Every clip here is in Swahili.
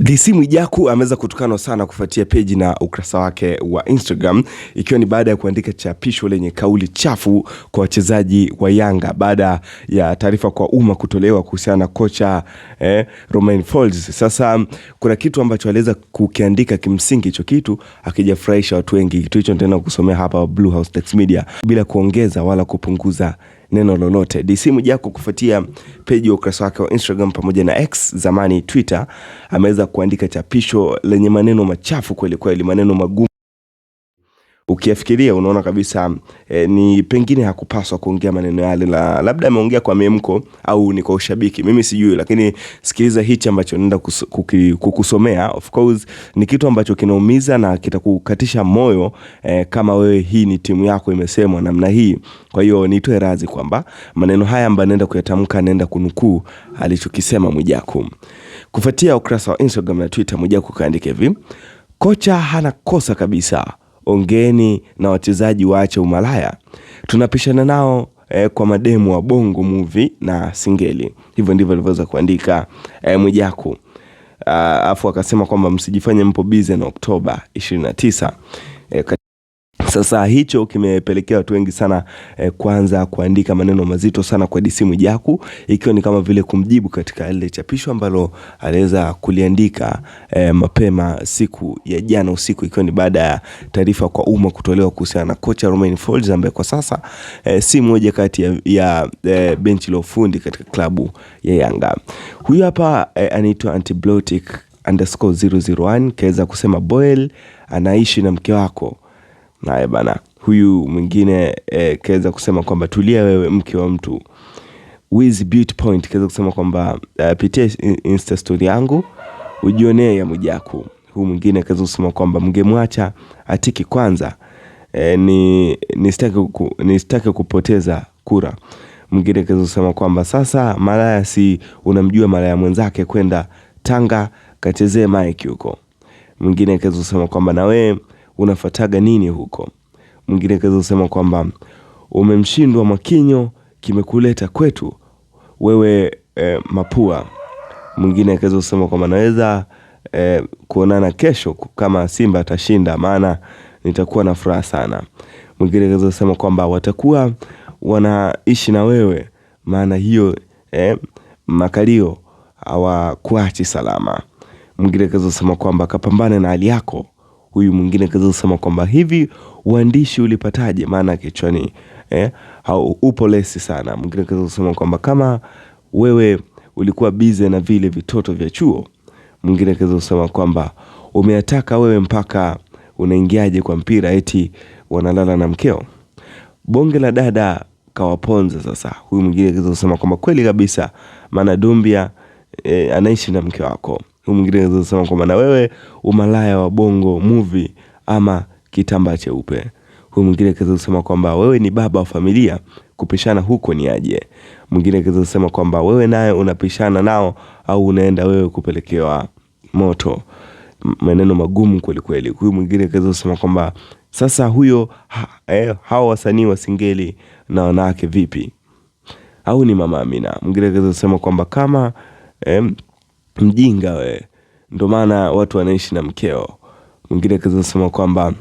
DC Mwijaku ameweza kutukanwa sana kufuatia peji na ukurasa wake wa Instagram ikiwa ni baada ya kuandika chapisho lenye kauli chafu kwa wachezaji wa Yanga baada ya taarifa kwa umma kutolewa kuhusiana na kocha eh, Romain Folz. Sasa kuna kitu ambacho aliweza kukiandika, kimsingi hicho kitu akijafurahisha watu wengi. Kitu hicho nitaenda kusomea hapa Blue House Text Media bila kuongeza wala kupunguza neno lolote. DC Mwijaku kufuatia peji ya ukurasa wake wa Instagram pamoja na X zamani Twitter, ameweza kuandika chapisho lenye maneno machafu kweli kweli, maneno magumu ukiafikiria unaona kabisa e, ni pengine hakupaswa kuongea maneno yale, la labda ameongea kwa memko au ni kwa ushabiki, mimi sijui. Lakini sikiliza hichi ambacho nenda kukusomea, of course ni kitu ambacho kinaumiza na kitakukatisha moyo e, kama wewe hii ni timu yako imesemwa namna hii. Kwa hiyo nitoe radhi kwamba maneno haya ambayo nenda kuyatamka, nenda kunukuu alichokisema Mwijaku kufuatia ukurasa wa Instagram na Twitter. Mwijaku kaandika hivi: kocha hana kosa kabisa ongeeni na wachezaji waache umalaya. Tunapishana nao eh, kwa mademu wa bongo movie na singeli. Hivyo ndivyo alivyoweza kuandika eh, Mwijaku. Ah, afu akasema kwamba msijifanye mpo bize na Oktoba 29 eh, sasa hicho kimepelekea watu wengi sana eh, kwanza kuandika maneno mazito sana kwa DC Mwijaku, ikiwa ni kama vile kumjibu katika lile chapisho ambalo aliweza kuliandika eh, mapema siku ya jana usiku, ikiwa ni baada ya taarifa kwa umma kutolewa kuhusiana na kocha Romain Folz ambaye kwa sasa eh, si moja kati ya, ya eh, benchi la ufundi katika klabu ya Yanga. Huyu hapa eh, anaitwa antibiotic underscore 001 kaweza kusema Boel anaishi na mke wako naye bana, huyu mwingine eh, kaweza kusema kwamba tulia wewe mke wa mtu. Wiz Beauty Point kaweza kusema kwamba uh, pitia insta story yangu ujionee ya Mwijaku. Huyu mwingine kaweza kusema kwamba mgemwacha atiki kwanza eh, ni nistake ku, nisitaki kupoteza kura. Mwingine kaweza kusema kwamba sasa malaya si unamjua malaya mwenzake kwenda Tanga kachezee mike huko. Mwingine kaweza kusema kwamba na wewe unafataga nini huko? Mwingine kaweza kusema kwamba umemshindwa Mwakinyo, kimekuleta kwetu wewe e, mapua. Mwingine akaweza kusema kwamba naweza e, kuonana kesho kama Simba atashinda, maana nitakuwa na furaha sana. Mwingine akaweza kusema kwamba watakuwa wanaishi na wewe, maana hiyo e, makalio hawakuachi salama. Mwingine akaweza kusema kwamba kapambane na hali yako Huyu mwingine kaza sema kwamba hivi uandishi ulipataje? Maana kichwani eh, upo lesi sana. Mwingine kaza sema kwamba kama wewe ulikuwa bize na vile vitoto vya chuo. Mwingine kaza sema kwamba umeataka wewe mpaka unaingiaje kwa mpira eti wanalala na mkeo. Bonge la dada kawaponza sasa. Huyu mwingine kaza sema kwamba kweli kabisa, maana Dumbia eh, anaishi na mke wako. Huyu mwingine anaweza sema kwamba na wewe umalaya wa bongo movie ama kitamba cheupe. Huyu mwingine akaweza kusema kwamba wewe ni baba wa familia, kupishana huko ni aje? Mwingine akaweza kusema kwamba wewe naye unapishana nao au unaenda wewe kupelekewa moto. Maneno magumu kweli kweli. Huyu mwingine akaweza kusema kwamba sasa huyo ha, eh, hao wasanii wa singeli na wanawake vipi? Au ni mama Amina. Mwingine akaweza kusema kwamba kama eh, mjinga we. Ndo maana watu wanaishi na mkeo. Mwingine akaweza kusema kwamba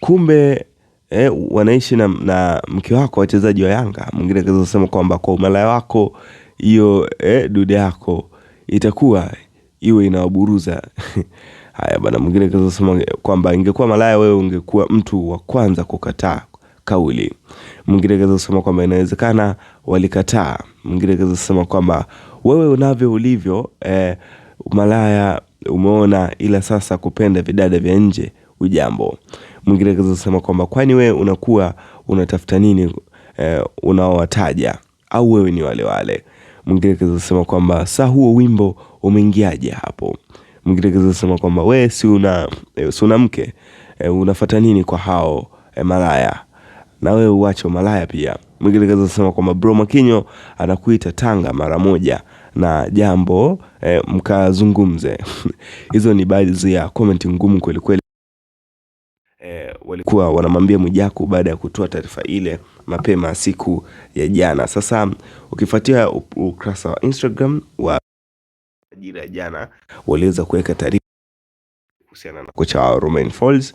kumbe eh, wanaishi na, na mke wako wachezaji wa Yanga. Mwingine akaweza kusema kwamba kwa umalaya wako hiyo eh, dude yako itakuwa iwe inawaburuza haya bana. Mwingine akaweza kusema kwamba ingekuwa malaya wewe ungekuwa mtu wa kwanza kukataa kauli. Mwingine akaweza kusema kwamba inawezekana walikataa. Mwingine akaweza kusema kwamba wewe unavyo ulivyo, eh, malaya umeona, ila sasa kupenda vidada vya nje ujambo. Mwingine akaweza kusema kwamba kwani wewe unakuwa unatafuta nini eh, unaowataja au wewe ni wale wale. Mwingine akaweza kusema kwamba saa huo wimbo umeingiaje hapo. Mwingine akaweza kusema kwamba we si una, e, si una mke e, eh, unafata nini kwa hao e, malaya na wewe uache malaya pia. Mwingine kaza kusema kwamba bro Makinyo anakuita Tanga mara moja na jambo eh, mkazungumze. Hizo ni baadhi ya comment ngumu kweli kweli. Eh, walikuwa wanamwambia Mwijaku baada ya kutoa taarifa ile mapema siku ya jana. Sasa ukifuatia ukurasa wa Instagram wa ajira ya jana waliweza kuweka taarifa kuhusiana na kocha wa Romain Folz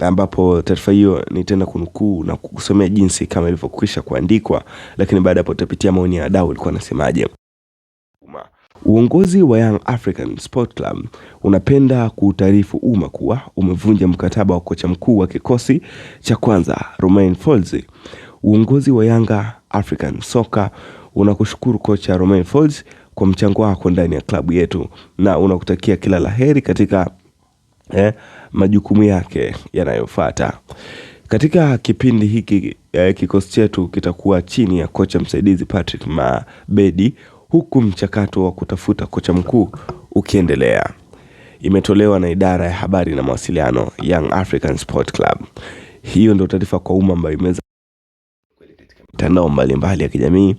ambapo taarifa hiyo nitaenda kunukuu na kukusomea jinsi kama ilivyokwisha kuandikwa, lakini baada hapo tutapitia maoni ya wadau walikuwa wanasemaje. Uongozi wa Young African Sport Club unapenda kuutaarifu umma kuwa umevunja mkataba wa kocha mkuu wa kikosi cha kwanza Romain Folz. Uongozi wa Yanga African Soccer unakushukuru kocha Romain Folz kwa mchango wako ndani ya klabu yetu na unakutakia kila laheri katika eh, majukumu yake yanayofuata. Katika kipindi hiki eh, kikosi chetu kitakuwa chini ya kocha msaidizi Patrick Mabedi huku mchakato wa kutafuta kocha mkuu ukiendelea. Imetolewa na idara ya habari na mawasiliano Young African Sport Club. Hiyo ndio taarifa kwa umma ambayo imeweza mitandao mbalimbali ya kijamii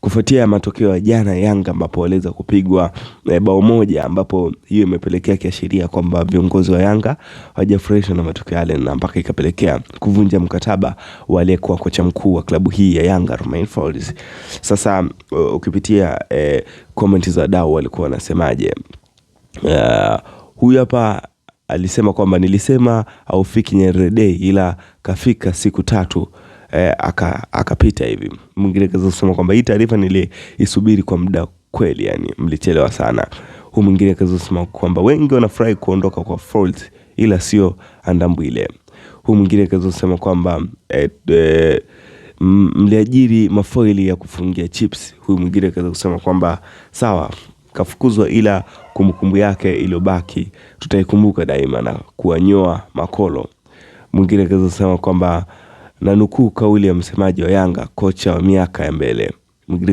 kufuatia matokeo ya jana Yanga ambapo waliweza kupigwa e, bao moja ambapo hiyo imepelekea kiashiria kwamba viongozi wa Yanga hawajafurahishwa na matokeo yale na mpaka ikapelekea kuvunja mkataba wa aliyekuwa kocha mkuu wa klabu hii ya Yanga Romain Folz. Sasa uh, ukipitia e, comment za dau walikuwa wanasemaje? Uh, huyu hapa alisema kwamba nilisema haufiki Nyerere ila kafika siku tatu eh, akapita aka hivi. Mwingine kaza kusema kwamba hii taarifa niliisubiri kwa muda kweli, yani mlichelewa sana. Huu mwingine kaza kusema kwamba wengi wanafurahi kuondoka kwa Folz ila sio Andabwile. Huu mwingine kaza kusema kwamba eh, eh, mliajiri mafoili ya kufungia chips. Huyu mwingine kaza kusema kwamba sawa, kafukuzwa, ila kumbukumbu yake iliyobaki tutaikumbuka daima na kuwanyoa makolo. Mwingine akaweza kusema kwamba na nukuu kauli ya msemaji wa Yanga, kocha wa miaka ya mbele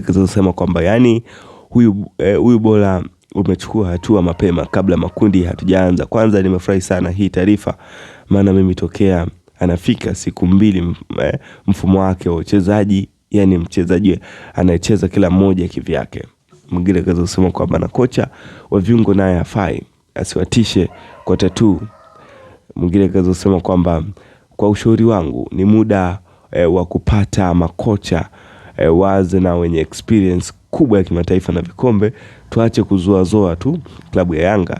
kusema kwamba yani huyu, eh, huyu bora umechukua hatua mapema kabla makundi hatujaanza. Kwanza nimefurahi sana hii taarifa, maana mimi tokea anafika siku mbili eh, mfumo wake wa uchezaji, yani mchezaji anayecheza kila mmoja kivyake. Mwingine kaza kusema kwamba na kocha wa viungo naye afai asiwatishe kwa tatu. Mwingine kaza kusema kwamba kwa ushauri wangu ni muda e, wa kupata makocha e, wazi na wenye experience kubwa ya kimataifa na vikombe. Tuache kuzoazoa tu klabu ya Yanga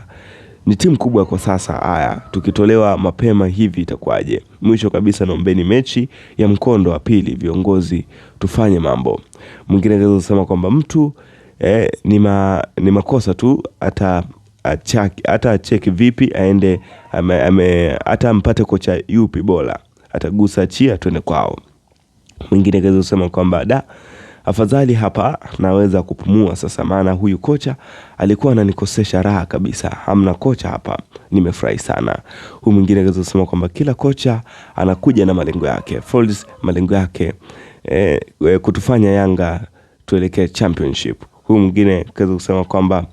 ni timu kubwa kwa sasa. Haya, tukitolewa mapema hivi itakuwaje? Mwisho kabisa, naombeni mechi ya mkondo wa pili, viongozi tufanye mambo. Mwingine anaweza kusema kwamba mtu eh, ni, ma, ni makosa tu hata hata acheki vipi aende ame, ame, hata ampate kocha yupi bora atagusa chia tuende kwao. Mwingine kaweza kusema kwamba da, afadhali hapa naweza kupumua sasa, maana huyu kocha alikuwa ananikosesha raha kabisa. Hamna kocha hapa, nimefurahi sana. Huyu mwingine kaweza kusema kwamba kila kocha anakuja na malengo yake, Folz malengo yake eh, kutufanya Yanga tuelekee championship. Huyu mwingine kaweza kusema kwamba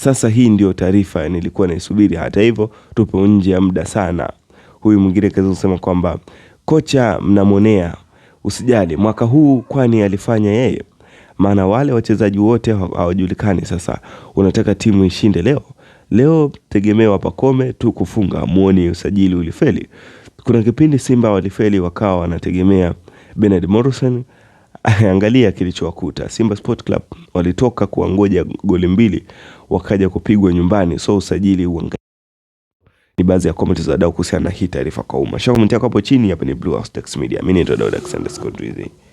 sasa hii ndio taarifa nilikuwa naisubiri, hata hivyo tupo nje ya muda sana. Huyu mwingine kaweza kusema kwamba kocha mnamonea usijali mwaka huu, kwani alifanya yeye, maana wale wachezaji wote hawajulikani. Sasa unataka timu ishinde leo leo, tegemewa pakome tu kufunga, muone usajili ulifeli. Kuna kipindi Simba walifeli wakawa wanategemea Bernard Morrison Angalia kilichowakuta. Simba Sport Club walitoka kuwangoja goli mbili wakaja kupigwa nyumbani, so usajili uangalie. Ni baadhi ya comments za wadau kuhusiana na hii taarifa kwa umma. Shau hapo chini. Hapa ni Blue House Media, mimi ni Dax.